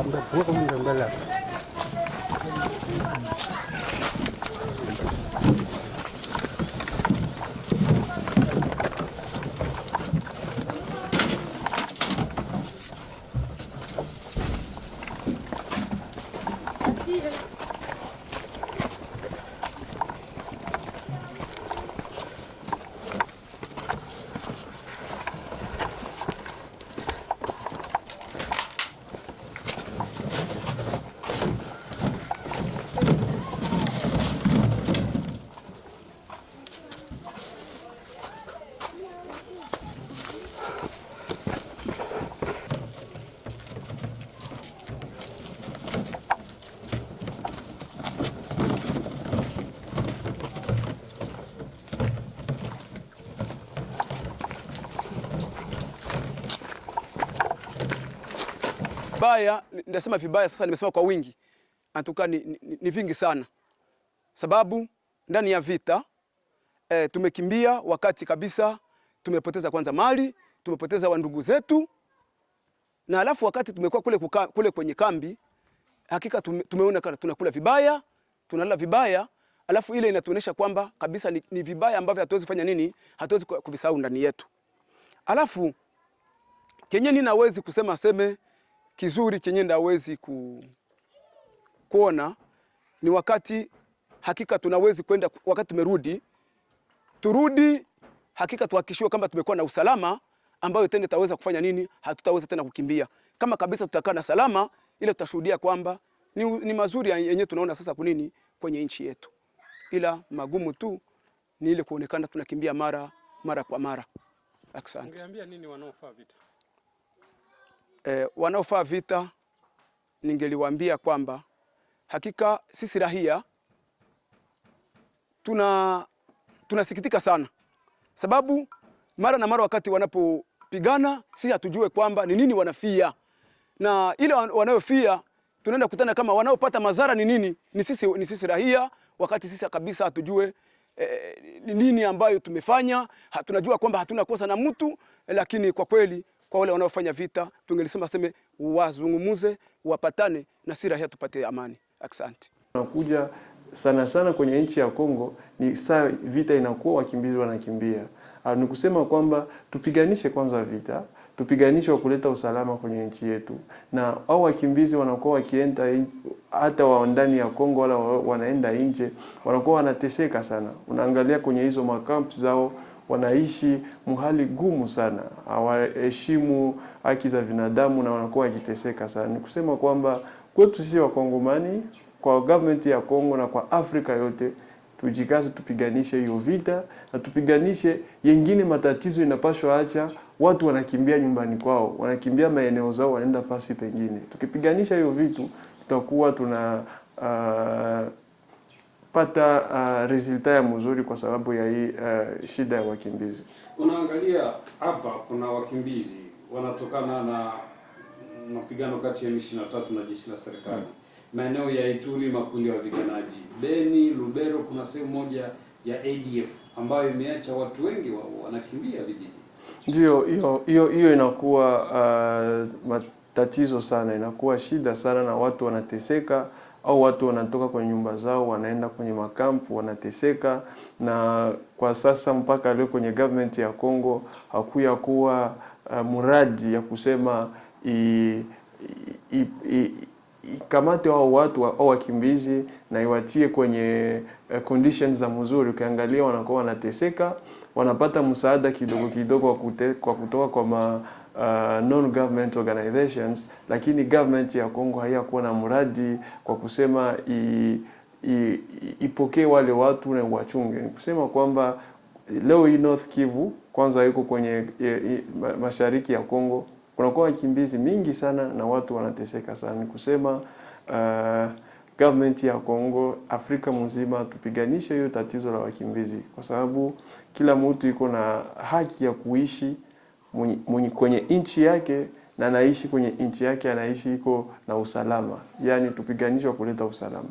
அந்த பூகம் ரொம்ப vibaya, ndasema vibaya sasa, nimesema kwa wingi antuka ni, ni, ni vingi sana, sababu ndani ya vita e, tumekimbia wakati kabisa, tumepoteza kwanza mali, tumepoteza wandugu zetu, na alafu wakati tumekuwa kule, kuka, kule kwenye kambi, hakika tume, tumeona kana tunakula vibaya, tunalala vibaya, alafu ile inatuonesha kwamba kabisa ni, ni vibaya ambavyo hatuwezi kufanya nini, hatuwezi kuvisahau ndani yetu, alafu kenye ninawezi kusema seme kizuri chenye ndawezi ku, kuona ni wakati hakika tunawezi kwenda, wakati tumerudi turudi hakika tuhakishiwe kwamba tumekuwa na usalama ambayo tena tutaweza kufanya nini, hatutaweza tena kukimbia kama kabisa, tutakaa na salama ile, tutashuhudia kwamba ni, ni mazuri yenyewe tunaona sasa kunini kwenye nchi yetu, ila magumu tu ni ile kuonekana tunakimbia mara mara kwa mara. Asante. Ungeambia nini wanaofaa vita? eh, wanaofaa vita ningeliwaambia kwamba hakika sisi rahia tuna tunasikitika sana, sababu mara na mara wakati wanapopigana sisi hatujue kwamba ni nini wanafia, na ile wanayofia tunaenda kutana kama wanaopata madhara ni nini, ni sisi, ni sisi rahia, wakati sisi kabisa hatujue eh, nini ambayo tumefanya. Tunajua kwamba hatuna kosa na mtu, lakini kwa kweli kwa wale wanaofanya vita, tungelisema seme wazungumuze, wapatane na si rahia tupate amani. Asante. Nakuja sana sana kwenye nchi ya Kongo ni saa vita inakuwa, wakimbizi wanakimbia. Ah, ni kusema kwamba tupiganishe kwanza vita tupiganishe wa kuleta usalama kwenye nchi yetu, na au wakimbizi wanakuwa wakienda hata wa ndani ya Kongo wala wanaenda nje, wanakuwa wanateseka sana. Unaangalia kwenye hizo makampu zao wanaishi mhali gumu sana, hawaheshimu haki za binadamu na wanakuwa wakiteseka sana. Ni kusema kwamba kwetu sisi Wakongomani, kwa government ya Kongo na kwa Afrika yote tujikaze, tupiganishe hiyo vita na tupiganishe yengine matatizo. Inapashwa acha watu wanakimbia nyumbani kwao, wanakimbia maeneo zao, wanaenda fasi pengine. Tukipiganisha hiyo vitu tutakuwa tuna uh, pata uh, resulta ya mzuri kwa sababu ya hii uh, shida ya wakimbizi. Unaangalia hapa kuna wakimbizi wanatokana na mapigano kati ya M23 na jeshi la serikali hmm. Maeneo ya Ituri makundi ya wapiganaji, Beni, Lubero, kuna sehemu moja ya ADF ambayo imeacha watu wengi wanakimbia vijiji. Ndio hiyo hiyo hiyo inakuwa uh, matatizo sana, inakuwa shida sana na watu wanateseka au watu wanatoka kwenye nyumba zao wanaenda kwenye makampu wanateseka, na kwa sasa mpaka leo kwenye government ya Kongo hakuya kuwa uh, eh, mradi ya kusema ikamate wao watu au wakimbizi na iwatie kwenye uh, conditions za mzuri. Ukiangalia wanakuwa wanateseka, wanapata msaada kidogo kidogo kwa kutoka kwa ma Uh, non government organizations, lakini government ya Kongo haiyakuwa na mradi kwa kusema ipokee wale watu na wachunge. Ni kusema kwamba leo hii North Kivu kwanza iko kwenye e, e, mashariki ya Kongo, kunakuwa wakimbizi mingi sana na watu wanateseka sana. Ni kusema uh, government ya Kongo, Afrika mzima tupiganishe hiyo tatizo la wakimbizi, kwa sababu kila mtu iko na haki ya kuishi mwenye, kwenye nchi yake na anaishi kwenye nchi yake, anaishi iko na usalama, yaani tupiganishwa kuleta usalama.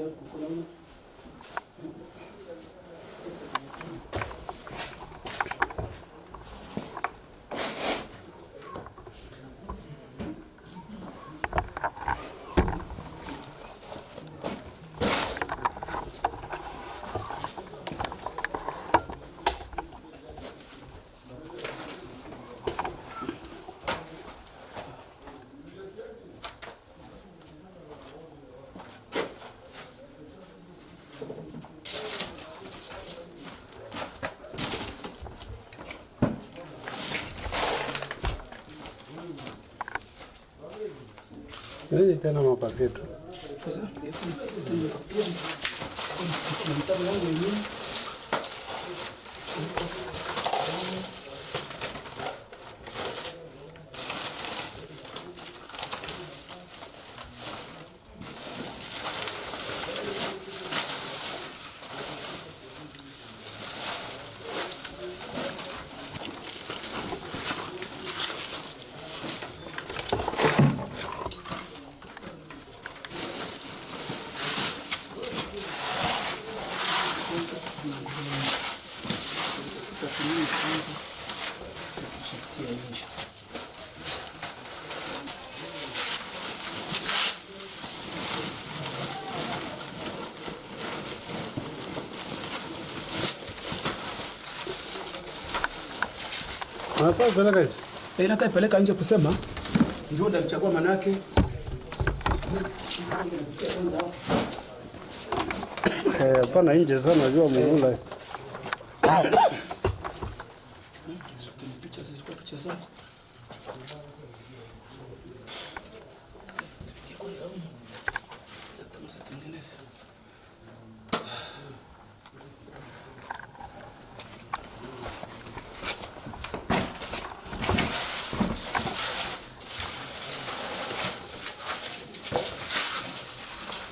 Gracias, nini tena mapapetu Inaka eh, ipeleka nje kusema ndio ndamchagua manake eh, hapana. Nje sana jua mvula